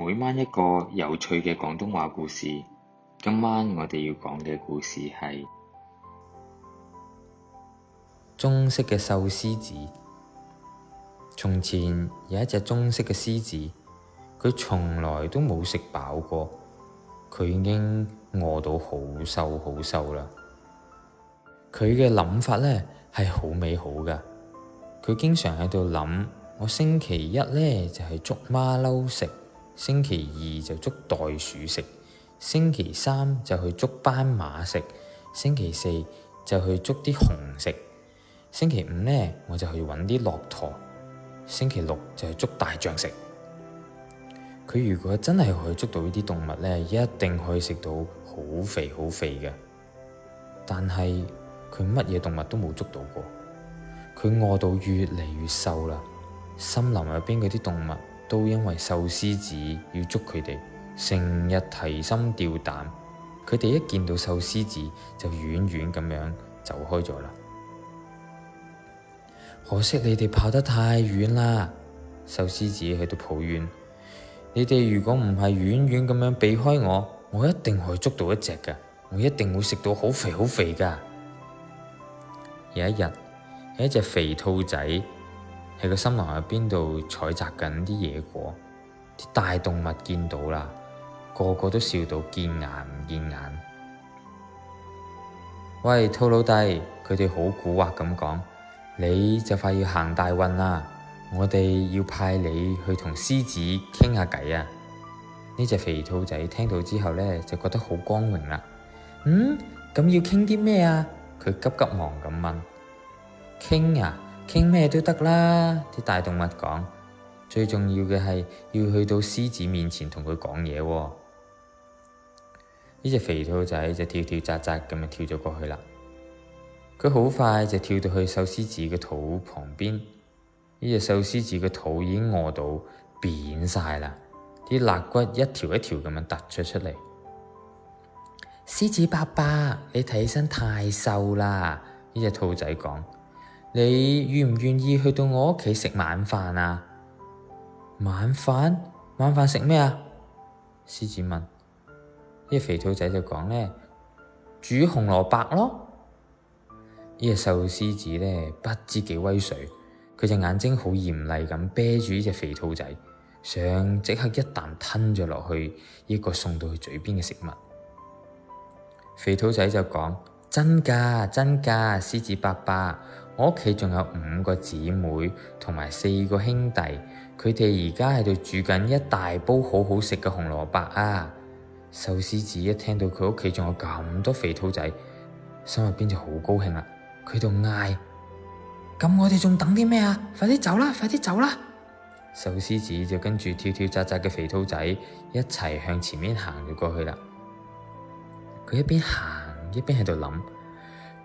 每晚一個有趣嘅廣東話故事。今晚我哋要講嘅故事係棕色嘅瘦獅子。從前有一隻棕色嘅獅子，佢從來都冇食飽過，佢已經餓到好瘦好瘦啦。佢嘅諗法呢係好美好噶，佢經常喺度諗：我星期一呢就係捉馬騮食。星期二就捉袋鼠食，星期三就去捉斑馬食，星期四就去捉啲熊食，星期五呢，我就去揾啲駱駝，星期六就去捉大象食。佢如果真係可以捉到呢啲動物呢，一定可以食到好肥好肥嘅。但係佢乜嘢動物都冇捉到過，佢餓到越嚟越瘦啦。森林入邊嗰啲動物，都因為瘦獅子要捉佢哋，成日提心吊膽。佢哋一見到瘦獅子就遠遠咁樣走開咗啦。可惜你哋跑得太遠啦，瘦獅子喺度抱怨，你哋如果唔係遠遠咁樣避開我，我一定可以捉到一隻嘅，我一定會食到好肥好肥噶。有一日，有一隻肥兔仔。喺個森林入邊度採摘緊啲野果，啲大動物見到啦，個個都笑到見牙唔見眼。喂，兔老弟，佢哋好蠱惑咁講，你就快要行大運啦，我哋要派你去同獅子傾下偈啊！呢隻肥兔仔聽到之後呢，就覺得好光榮啦。嗯，咁要傾啲咩啊？佢急急忙咁問，傾啊！傾咩都得啦，啲大動物講，最重要嘅係要去到獅子面前同佢講嘢喎。呢隻肥兔仔就跳跳扎紮咁樣跳咗過去啦。佢好快就跳到去瘦獅子嘅肚旁邊。呢隻瘦獅子嘅肚已經餓到扁晒啦，啲肋骨一條一條咁樣凸咗出嚟。獅子爸爸，你睇起身太瘦啦，呢隻兔仔講。你願唔願意去到我屋企食晚飯啊？晚飯，晚飯食咩啊？獅子問。呢隻肥兔仔就講，呢煮紅蘿蔔咯。呢隻瘦獅子呢，不知幾威水，佢隻眼睛好嚴厲咁啤住呢隻肥兔仔，想即刻一啖吞咗落去呢個送到佢嘴邊嘅食物。肥兔仔就講，真噶真噶，獅子伯伯。」我屋企仲有五個姊妹同埋四個兄弟，佢哋而家喺度煮緊一大煲好好食嘅紅蘿蔔啊！瘦獅子一聽到佢屋企仲有咁多肥兔仔，心入邊就好高興啦！佢就嗌：咁我哋仲等啲咩啊？快啲走啦！快啲走啦！瘦獅子就跟住跳跳扎紮嘅肥兔仔一齊向前面行咗過去啦。佢一邊行一邊喺度諗。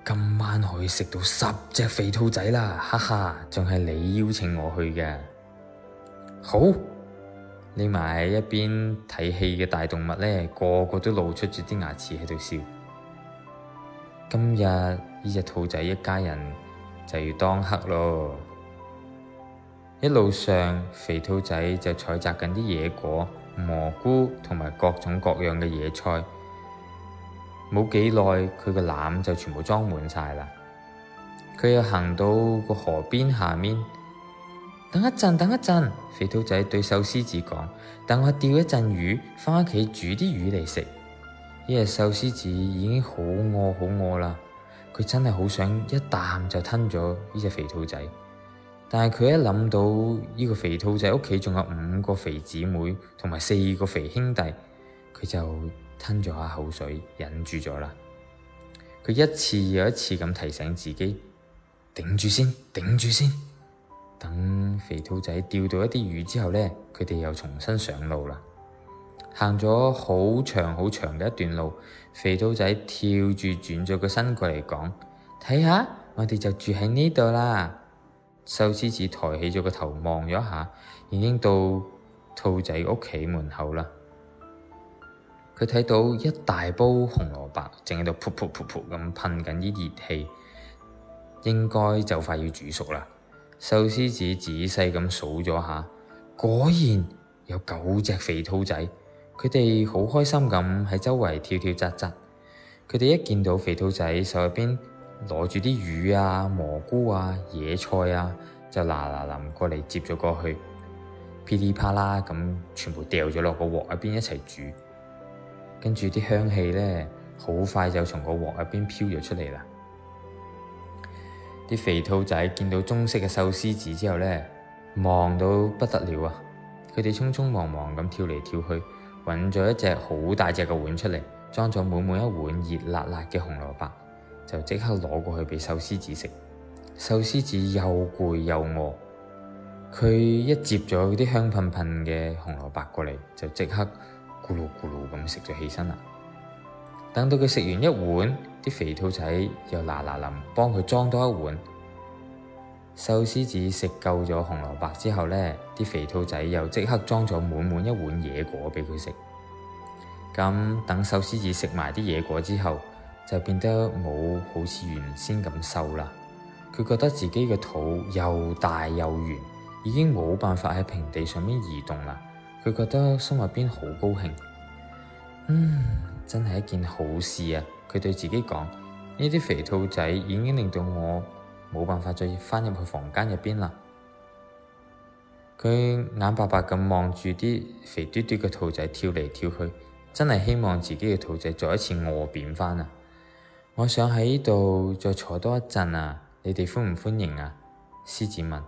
今晚可以食到十隻肥兔仔啦，哈哈！仲係你邀請我去嘅。好，匿埋喺一邊睇戲嘅大動物呢，個個都露出住啲牙齒喺度笑。今日呢隻兔仔一家人就要當黑咯。一路上，肥兔仔就採摘緊啲野果、蘑菇同埋各種各樣嘅野菜。冇幾耐，佢個籃就全部裝滿晒啦。佢又行到個河邊下面，等一陣，等一陣。肥兔仔對瘦獅子講：等我釣一陣魚，返屋企煮啲魚嚟食。呢隻瘦獅子已經好餓，好餓啦。佢真係好想一啖就吞咗呢隻肥兔仔，但係佢一諗到呢個肥兔仔屋企仲有五個肥姊妹同埋四個肥兄弟，佢就～吞咗下口水，忍住咗啦。佢一次又一次咁提醒自己，頂住先，頂住先。等肥兔仔釣到一啲魚之後呢，佢哋又重新上路啦。行咗好長好長嘅一段路，肥兔仔跳住轉咗個身過嚟講：睇下，我哋就住喺呢度啦。瘦獅子抬起咗個頭望咗下，已經到兔仔屋企門口啦。佢睇到一大煲紅蘿蔔，正喺度噗噗噗噗咁噴緊啲熱氣，應該就快要煮熟啦。瘦獅子仔細咁數咗下，果然有九隻肥兔仔。佢哋好開心咁喺周圍跳跳扎紮。佢哋一見到肥兔仔手入邊攞住啲魚啊、蘑菇啊、野菜啊，就嗱嗱臨過嚟接咗過去，噼里啪啦咁全部掉咗落個鑊入邊一齊煮。跟住啲香氣呢，好快就從個鑊入邊飄咗出嚟啦。啲肥兔仔見到棕色嘅瘦獅子之後呢，忙到不得了啊！佢哋匆匆忙忙咁跳嚟跳去，揾咗一隻好大隻嘅碗出嚟，裝咗滿滿一碗熱辣辣嘅紅蘿蔔，就即刻攞過去畀瘦獅子食。瘦獅子又攰又餓，佢一接咗啲香噴噴嘅紅蘿蔔過嚟，就即刻～咕嚕咕嚕咁食咗起身啦。等到佢食完一碗，啲肥兔仔又嗱嗱臨幫佢裝多一碗。瘦獅子食夠咗紅蘿蔔之後呢，啲肥兔仔又即刻裝咗滿滿一碗野果俾佢食。咁等瘦獅子食埋啲野果之後，就變得冇好似原先咁瘦啦。佢覺得自己嘅肚又大又圓，已經冇辦法喺平地上面移動啦。佢覺得心入邊好高興，嗯，真係一件好事啊！佢對自己講：呢啲肥兔仔已經令到我冇辦法再翻入去房間入邊啦。佢眼白白咁望住啲肥嘟嘟嘅兔仔跳嚟跳去，真係希望自己嘅兔仔再一次餓扁翻啊！我想喺呢度再坐多一陣啊！你哋歡唔歡迎啊？獅子問：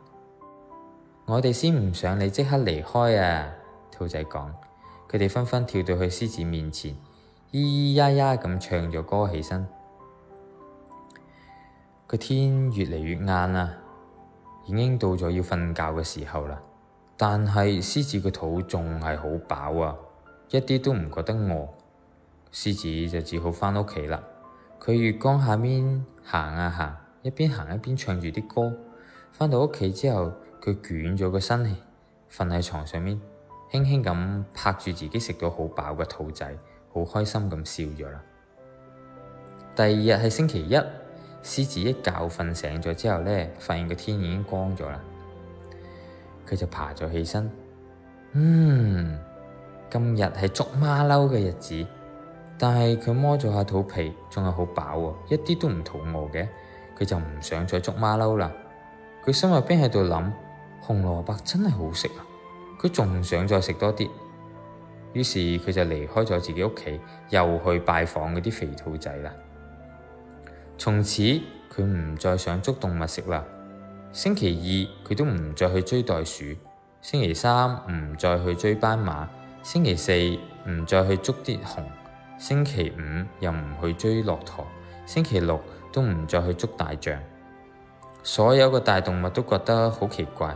我哋先唔想你即刻離開啊！兔仔講，佢哋紛紛跳到去獅子面前，咿咿呀呀咁唱咗歌起身。個天越嚟越暗啦，啊，已經到咗要瞓覺嘅時候啦。但係獅子個肚仲係好飽啊，一啲都唔覺得餓。獅子就只好返屋企啦。佢月光下面行啊行，一邊行一邊唱住啲歌。返到屋企之後，佢捲咗個身，瞓喺床上面。輕輕咁拍住自己食到好飽嘅肚仔，好開心咁笑咗啦。第二日係星期一，獅子一覺瞓醒咗之後呢，發現個天已經光咗啦，佢就爬咗起身。嗯，今日係捉馬騮嘅日子，但係佢摸咗下肚皮，仲係好飽喎，一啲都唔肚餓嘅，佢就唔想再捉馬騮啦。佢心入邊喺度諗：紅蘿蔔真係好食啊！佢仲想再食多啲，於是佢就離開咗自己屋企，又去拜訪嗰啲肥兔仔啦。從此佢唔再想捉動物食啦。星期二佢都唔再去追袋鼠，星期三唔再去追斑馬，星期四唔再去捉啲熊，星期五又唔去追駱駝，星期六都唔再去捉大象。所有嘅大動物都覺得好奇怪。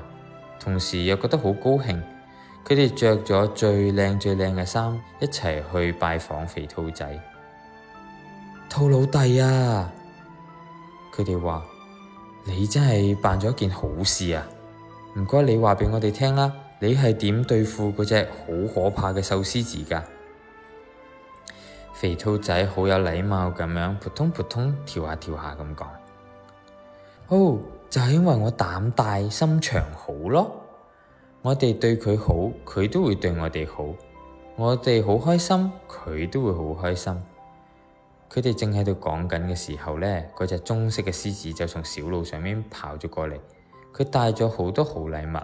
同時又覺得好高興，佢哋着咗最靚最靚嘅衫，一齊去拜訪肥兔仔。兔老弟啊，佢哋話：你真係辦咗件好事啊！唔該，你話畀我哋聽啦，你係點對付嗰隻好可怕嘅瘦獅子噶？肥兔仔好有禮貌咁樣，噗通噗通跳下跳下咁講。哦。就係因為我膽大心腸好咯，我哋對佢好，佢都會對我哋好。我哋好開心，佢都會好開心。佢哋正喺度講緊嘅時候呢，嗰隻棕色嘅獅子就從小路上面跑咗過嚟，佢帶咗好多好禮物，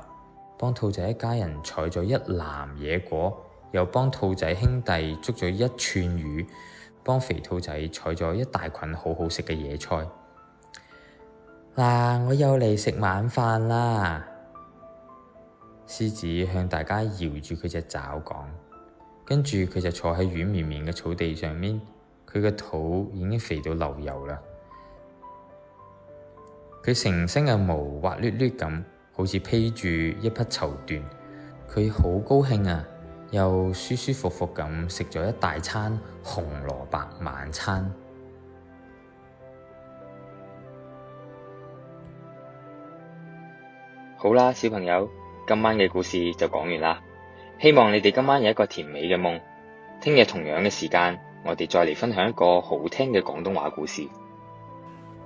幫兔仔一家人採咗一籃野果，又幫兔仔兄弟捉咗一串魚，幫肥兔仔採咗一大捆好好食嘅野菜。嗱、啊，我又嚟食晚飯啦！獅子向大家搖住佢隻爪講，跟住佢就坐喺軟綿綿嘅草地上面，佢嘅肚已經肥到流油啦。佢成身嘅毛滑捋捋咁，好似披住一匹綢緞。佢好高興啊，又舒舒服服咁食咗一大餐紅蘿蔔晚餐。好啦，小朋友，今晚嘅故事就講完啦。希望你哋今晚有一個甜美嘅夢。聽日同樣嘅時間，我哋再嚟分享一個好聽嘅廣東話故事。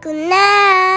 Good night。